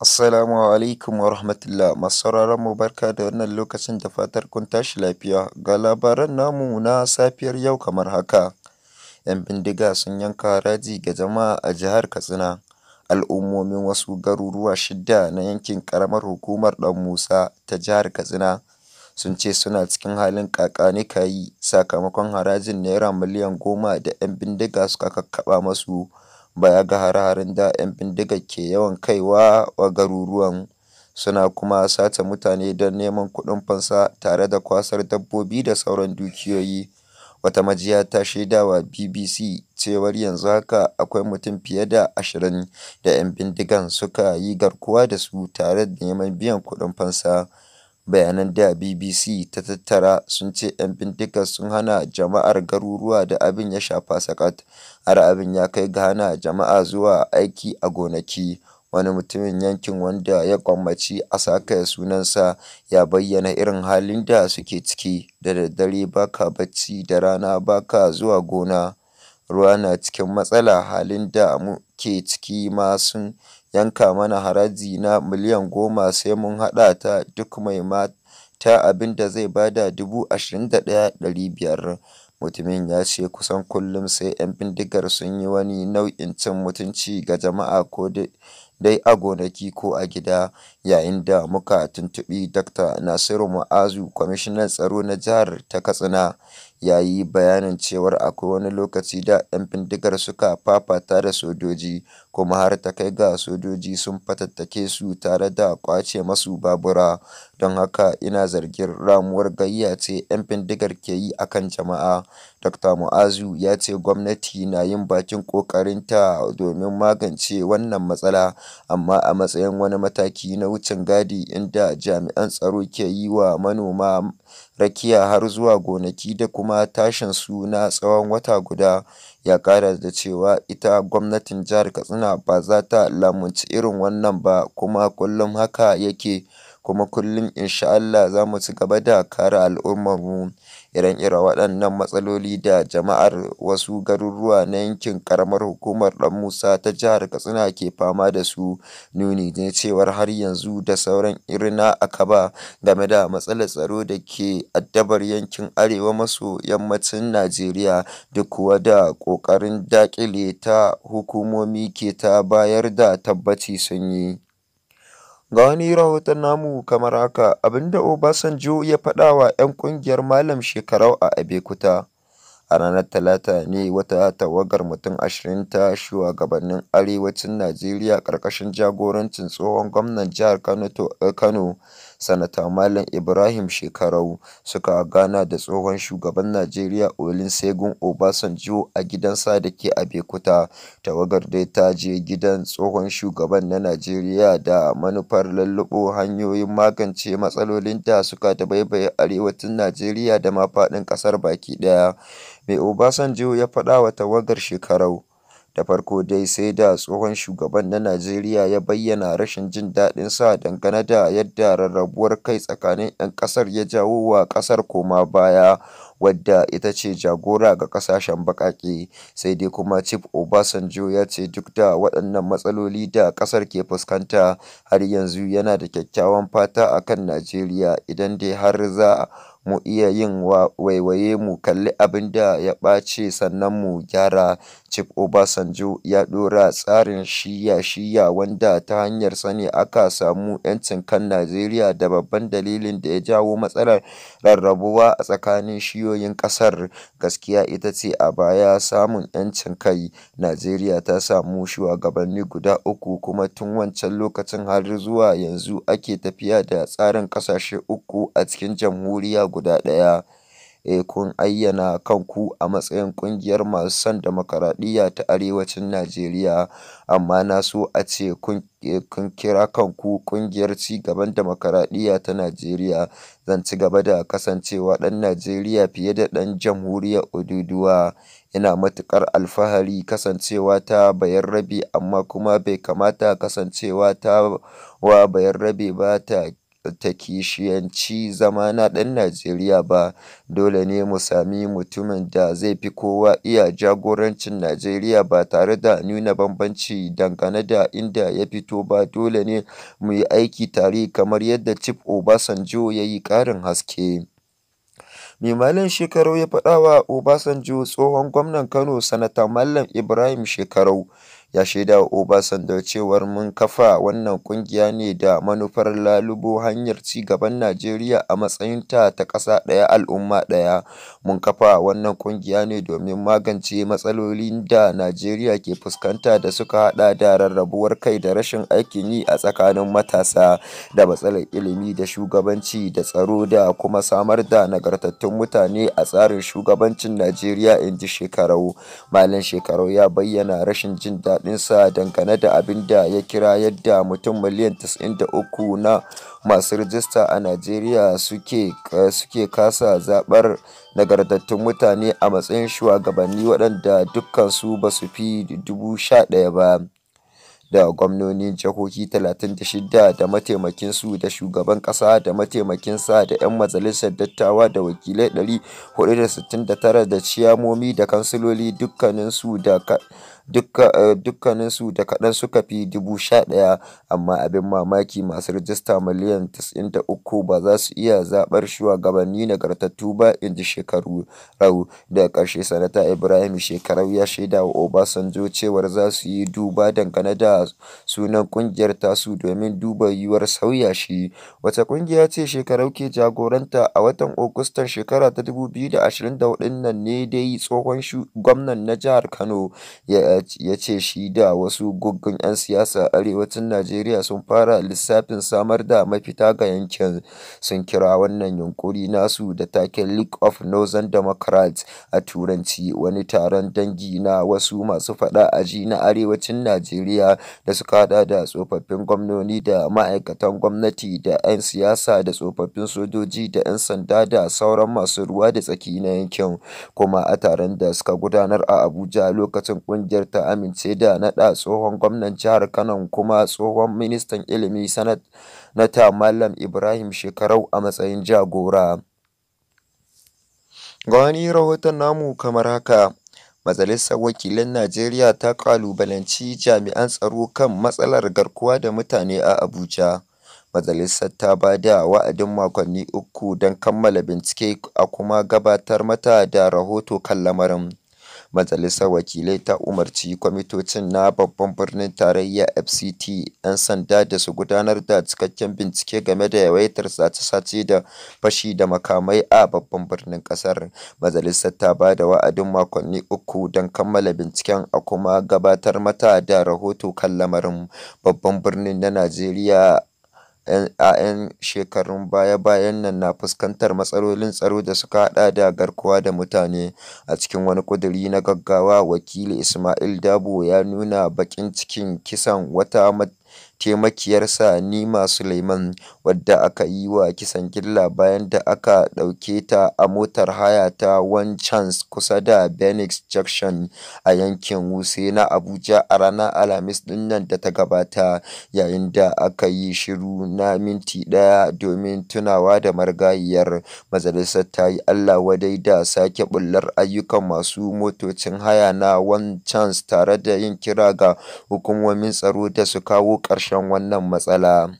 Assalamu alaikum wa rahmatullah. Masu sauraron mu barka da wannan lokacin da fatar kun tashi lafiya. Ga labaran namu na safiyar yau kamar haka. 'Yan bindiga sun yanka haraji ga jama'a a jihar Katsina. Al'ummomin wasu garuruwa shidda na yankin karamar hukumar Ɗan Musa ta jihar Katsina sun ce suna cikin halin ƙaƙanikayi sakamakon harajin Naira miliyan goma da 'yan bindiga suka kakkaɓa masu. Baya ga hare-haren da 'yan bindiga ke yawan kaiwa wa garuruwan, suna kuma sace mutane don neman kuɗin fansa tare da kwasar dabbobi da sauran dukiyoyi, wata majiya ta shaidawa BBC cewar yanzu haka akwai mutum fiye da ashirin da 'yan bindigan suka yi garkuwa da su tare da neman biyan kuɗin fansa. Bayanan da BBC ta tattara sun ce ‘yan bindigar sun hana jama'ar garuruwa da abin ya shafa sakat, har abin ya kai ga hana jama'a zuwa aiki a gonaki, wani mutumin yankin wanda ya gwammaci a saka sunansa ya bayyana irin halin da suke ciki: “Da daddare baka bacci da rana baka zuwa gona, ruwa na cikin matsala, halin da muke ciki ma sun yanka mana haraji na miliyan goma sai mun haɗa ta duk mai mata abin da zai ba da biyar mutumin ya ce kusan kullum sai 'yan bindigar sun yi wani nau'in cin mutunci ga jama'a ko dai a gonaki ko a gida, yayin da muka tuntuɓi Dr. Nasiru Mu'azu, kwamishinan tsaro na jihar ta Katsina. ya yi bayanin cewar akwai wani lokaci da ‘yan bindigar suka fafata da sojoji kuma har ta kai ga sojoji sun fatattake su tare da ƙwace masu babura, don haka ina zargin ramuwar gayya ce ‘yan bindigar ke yi a kan jama'a,” Dr. Muazu ya ce gwamnati na yin bakin ƙoƙarinta domin magance wannan matsala, amma a matsayin wani mataki na wucin gadi inda jami'an tsaro ke yi wa manoma rakiya har zuwa gonaki da kuma tashin na tsawon wata guda, ya kara da cewa ita gwamnatin Jihar Katsina ba za ta lamunci irin wannan ba kuma kullum haka yake kuma kullum insha Allah za mu ci gaba da kare al'ummarmu. Ire-iren waɗannan matsaloli da jama'ar wasu garuruwa na yankin Ƙaramar Hukumar ɗan Musa ta Jihar Katsina ke fama da su nuni ne cewar har yanzu da sauran "irina a kaba" game da matsalar tsaro da ke addabar yankin arewa maso yammacin Najeriya, duk kuwa da ƙoƙarin daƙile ta hukumomi ke ta bayar da tabbaci sun yi. Ga wani rahoton namu kamar haka: abinda Obasanjo ya faɗa wa 'yan ƙungiyar Malam Shekarau a abekuta a ranar Talata ne wata tawagar mutum ashirin ta shugabannin Arewacin Najeriya ƙarƙashin jagorancin tsohon gwamnan jihar Kano. Eh, Sanata Malam Ibrahim Shekarau suka gana da tsohon shugaban Najeriya Olin Segun Obasanjo a gidansa da ke Abeokuta. Tawagar dai ta je gidan tsohon shugaban na Najeriya da manufar lallubo hanyoyin magance matsalolin da suka dabaibaye arewacin Najeriya da ma faɗin ƙasar baki ɗaya. Mai Obasanjo ya faɗa wa tawagar Shekarau? Da farko dai sai da tsohon shugaban na Najeriya ya bayyana rashin jin daɗin sa dangane da yadda rarrabuwar kai tsakanin 'yan ƙasar ya jawo wa ƙasar koma baya wadda ita ce jagora ga ƙasashen baƙaƙe, sai dai kuma Chief Obasanjo ya ce duk da waɗannan matsaloli da ƙasar ke fuskanta, har yanzu yana da kyakkyawan fata akan kan Najeriya idan dai har za mu iya yin waiwaye mu kalli abin da ya ɓace sannan mu gyara. Chief Obasanjo ya ɗora tsarin shiya-shiya wanda ta hanyar sani aka samu 'yancin kan Najeriya da babban dalilin da ya jawo matsalar rarrabuwa a tsakanin shiyoyin ƙasar. Gaskiya ita ce a baya samun 'yancin kai, Najeriya ta samu shugabanni guda uku kuma tun wancan lokacin har zuwa yanzu ake tafiya da tsarin ƙasashe uku a cikin jamhuriya guda ɗaya. e kun ayyana kanku a matsayin ƙungiyar masu son dimokuradiyya ta Arewacin Najeriya, amma na so a ce kun eh, kira kanku Ƙungiyar cigaban Gaban ta Najeriya. Zan ci gaba da kasancewa ɗan Najeriya fiye da ɗan Jamhuriyar Oduduwa. Ina matuƙar alfahari kasancewa ta Bayarabe amma kuma bai kamata kasancewa ta wa Bayarabe ba ta. ta kishiyanci na ɗan Najeriya ba, dole ne mu sami mutumin da zai fi kowa iya jagorancin Najeriya ba tare da nuna bambanci dangane da inda ya fito ba, dole ne mu yi aiki tare kamar yadda Chief Obasanjo ya yi ƙarin haske. mai Malam Shekarau ya faɗa wa Obasanjo, tsohon gwamnan Kano Sanata Mallam Ibrahim Shekarau. ya wa Obasanjo cewar "mun kafa wannan kungiya ne da manufar lalubo hanyar ci gaban Najeriya a matsayin ta ta ƙasa ɗaya al'umma ɗaya, mun kafa wannan kungiya ne domin magance matsalolin da Najeriya ke fuskanta da suka haɗa da rarrabuwar kai da rashin aikin yi a tsakanin matasa, da matsalar ilimi da shugabanci da tsaro da kuma samar da nagartattun mutane a tsarin shugabancin Najeriya," inji Shekarau. Malam Shekarau ya bayyana rashin jin daɗi. zaɓinsa dangane da abin da ya kira yadda mutum miliyan 93 na masu rijista a Najeriya suke kasa zaɓar nagartattun mutane a matsayin shugabanni waɗanda dukkansu ba su fi 11,000 ba. da gwamnonin jihohi 36 da mataimakinsu da shugaban kasa da mataimakinsa da 'yan majalisar dattawa da wakilai 469 da ciyamomi da kansiloli dukkaninsu da Eh, dukkaninsu da kaɗan suka fi 11,000, amma abin mamaki masu rajista miliyan 93 ba za su iya zaɓar shugabanni nagartattu ba, in ji shekaru Shekarau. Daga ƙarshe, Sanata Ibrahim Shekarau ya shaida wa Obasanjo cewar za su yi duba dangane da sunan ƙungiyar tasu domin duba yiwuwar sauya shi. Wace ƙungiya ce Shekarau ke jagoranta? A watan Agustan shekara ta 2024 nan ne dai tsohon gwamnan na jihar Kano ya eh, ya ce shi da wasu goggon 'yan siyasa a arewacin Najeriya sun fara lissafin samar da mafita ga yankin, sun kira wannan yunkuri nasu da taken "League of Northern Democrats" a Turanci, wani taron dangi na wasu masu faɗa aji na arewacin Najeriya da suka haɗa da tsofaffin gwamnoni da ma'aikatan gwamnati da 'yan siyasa da tsofaffin sojoji da 'yan sanda da sauran masu ruwa da tsaki na yankin, kuma a taron da suka gudanar a Abuja lokacin kungiyar. ta amince da naɗa tsohon gwamnan jihar Kano kuma tsohon ministan ilimi na ta mallam Ibrahim Shekarau a matsayin jagora. Ga wani rahoton namu kamar haka. Majalisar Wakilan Najeriya ta kalubalanci jami'an tsaro kan matsalar garkuwa da mutane a Abuja. Majalisar ta ba da wa'adin makonni uku don kammala bincike a kuma gabatar mata da rahoto kan lamarin. Majalisar Wakilai ta umarci kwamitocin na Babban Birnin Tarayya (FCT) ‘yan sanda da su gudanar da cikakken bincike game da yawaitar sace-sace da fashi da makamai a babban birnin Kasar. Majalisar ta ba da wa'adin makonni uku don kammala binciken a kuma gabatar mata da rahoto kan lamarin. Babban birnin na Najeriya a 'yan shekarun baya-bayan nan na fuskantar matsalolin tsaro da suka haɗa da garkuwa da mutane. A cikin wani ƙuduri na gaggawa, Wakili Ismail Dabo ya nuna baƙin cikin kisan wata mace. taimakiyarsa Nima Suleiman, wadda aka yi wa kisan gilla bayan da aka ɗauke ta a motar haya ta one chance kusa da benix Junction a yankin Wuse na Abuja a ranar Alhamis ɗin da ta gabata, yayin da aka yi shiru na minti ɗaya domin tunawa da margayiyar majalisar ta yi allah wadai da sake bullar ayyukan masu motocin haya na one chance tare da yin kira ga hukumomin tsaro da su kawo ƙarshen. ƙarshen wannan matsala.